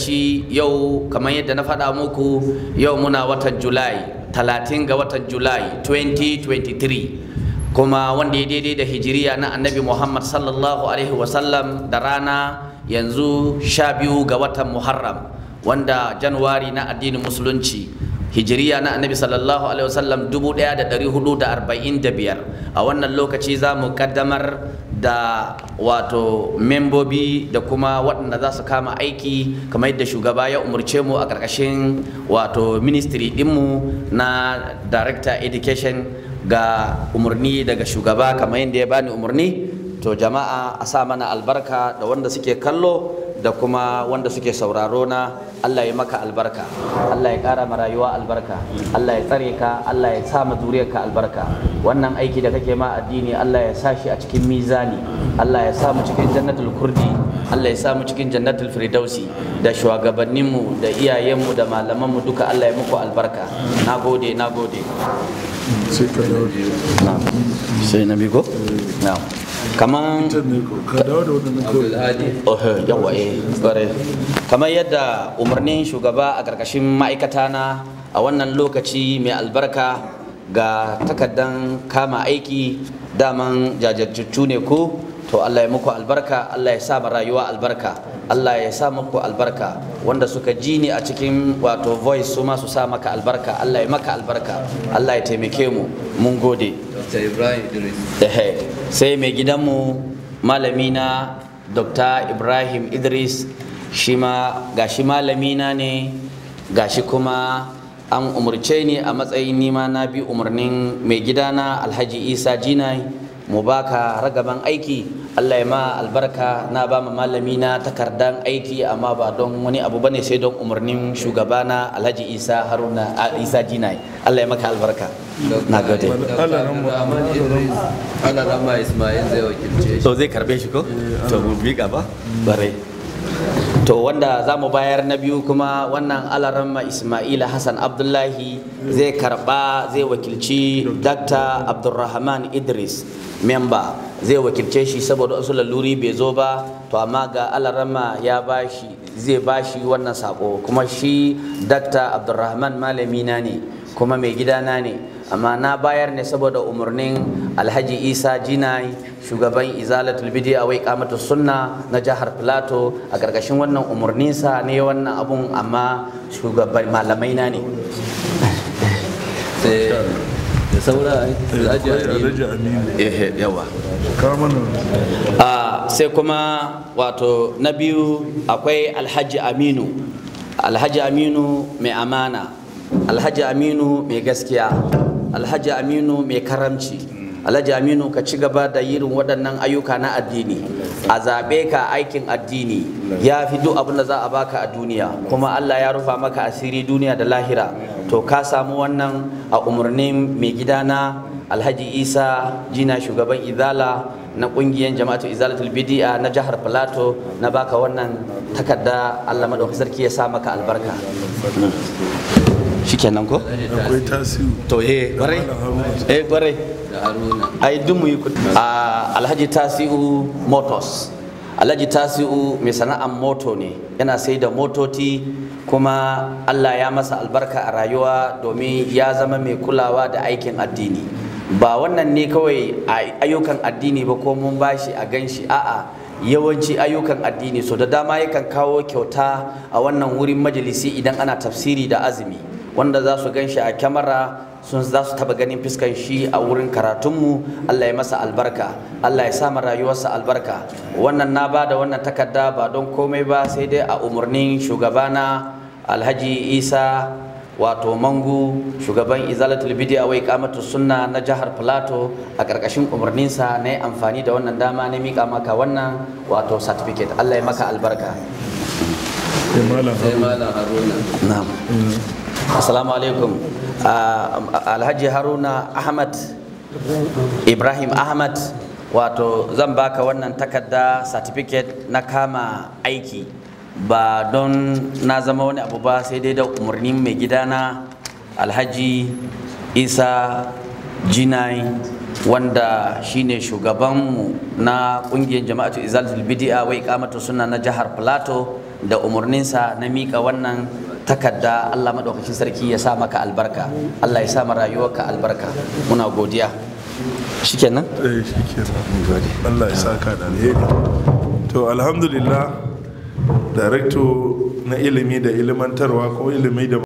shi yau kamar yadda na faɗa muku yau muna watan julai 30 ga watan julai 2023 kuma wanda ya daidai da hijiriya na annabi muhammad sallallahu alaihi wasallam da rana yanzu 12 ga watan muharram wanda januwari na addinin musulunci hijiriya na annabi sallallahu alaihi wasallam 1445 a wannan lokaci za mu kaddamar da wato membobi da kuma waɗanda za su kama aiki kamar yadda shugaba ya umarce mu a ƙarƙashin wato ministry dinmu na director education ga umarni daga shugaba kamar yadda ya bani umarni to jama'a a sa mana albarka da wanda suke kallo da kuma wanda suke sauraro na Allah ya maka albarka Allah ya ƙara marayuwa rayuwa albarka Allah ya tsare ka Allah ya sa ma zuriyarka albarka wannan aiki da kake ma addini Allah ya sa shi a cikin mizani Allah ya sa mu cikin jannatul kurdi Allah ya sa mu cikin jannatul firdausi da shugabanninmu da iyayenmu da malamanmu duka Allah ya muku albarka nagode nagode sai na bigo na'am kamar eh, yadda umarnin shugaba a ƙarƙashin ma'aikata na a wannan lokaci mai albarka ga takardan kama aiki daman jajirtattu ne ko, to Allah ya muku albarka Allah ya sa ma rayuwa albarka Allah ya sa muku albarka wanda suka ji ni a cikin wato voice su ma su sa maka albarka Allah ya maka albarka Allah ya taimake mu mun gode Ibrahim Idris sai mai gidanmu malami na dr ibrahim idris shi ma gashi malami na ne shi kuma an umarce ni a matsayin nima na bi umarnin mai gidana alhaji isa jinai mu baka ragaban aiki allah ya ma albarka na ba ma malami na takardan aiki amma ba don wani abu ba ne sai don umarnin shugabana alhaji isa haruna isa jinai allah ya maka albarka na gode Ismail zai wakilce shi to zai karbe shi ko eh, to bi miƙa ba bare to wanda za mu bayar na biyu kuma wannan alarama ismaila hassan abdullahi zai karba zai wakilci dr abdulrahman idris memba zai wakilce shi saboda wasu laluri bai zo ba to amma ga alarama ya bashi zai bashi wannan sako kuma shi dr abdulrahman malamina ne kuma mai gidana ne amma na bayar ne saboda umarnin alhaji isa jinai shugaban izalatul a wai kamata sunna na jihar plato a ƙarƙashin wannan umarninsa ne wannan abun amma shugaban malamai na ne eh, eh, eh, ah, sai kuma wato na biyu akwai alhaji aminu alhaji aminu mai amana alhaji aminu mai gaskiya alhaji aminu mai karamci alhaji aminu ka ci gaba da yirin waɗannan ayyuka na addini a zaɓe ka aikin addini ya fi duk abin da za a baka a duniya kuma allah ya rufa maka asiri duniya da lahira to ka samu wannan a umarnin mai gidana alhaji isa jina shugaban izala na kungiyar jama'atu izalatul bidi'a na jihar plateau na baka wannan takarda allah maɗauki sarki ya sa maka albarka shikenan ko akwai tasiru to eh kwarai eh kwarai ai duk mu a ah, alhaji tasiu motors alhaji tasiu mai sana'ar moto ne yana sai da motoci kuma allah ya masa albarka a rayuwa domin ya zama mai kulawa da aikin addini ba wannan ne kawai ayyukan addini ba ko mun bashi a ganshi a'a yawanci ayyukan addini so da dama yakan kawo kyauta a wannan wurin majalisi idan ana tafsiri da azumi wanda za su gan shi a kyamara sun za su taba ganin fiskan shi a wurin karatunmu Allah ya masa albarka Allah ya samu rayuwarsa albarka wannan na ba da wannan takarda ba don komai ba sai dai a umarnin shugabana alhaji isa wato mangu shugaban izalatul bidiya wai kamatu sunna na jihar plato a ƙarƙashin umarninsa na yi amfani da wannan dama na miƙa maka wannan wato certificate Allah ya maka albarka. assalamu alaikum ah, alhaji haruna ahmad ibrahim ahmad wato zan baka wannan takarda certificate na kama aiki ba don na zama wani abu ba sai dai da umarnin mai gidana alhaji isa jinai wanda shine shugabanmu na kungiyar jama'atu izalatul bidi'a wai iqamatu suna na jihar plato da umarninsa na mika wannan takarda allah madaukakin sarki ya sa maka albarka allah ya sa ma rayuwarka albarka muna godiya shikenan eh shikenan allah ya saka da alheri to alhamdulillah director na ilimi da ilimantarwa ko ilimi da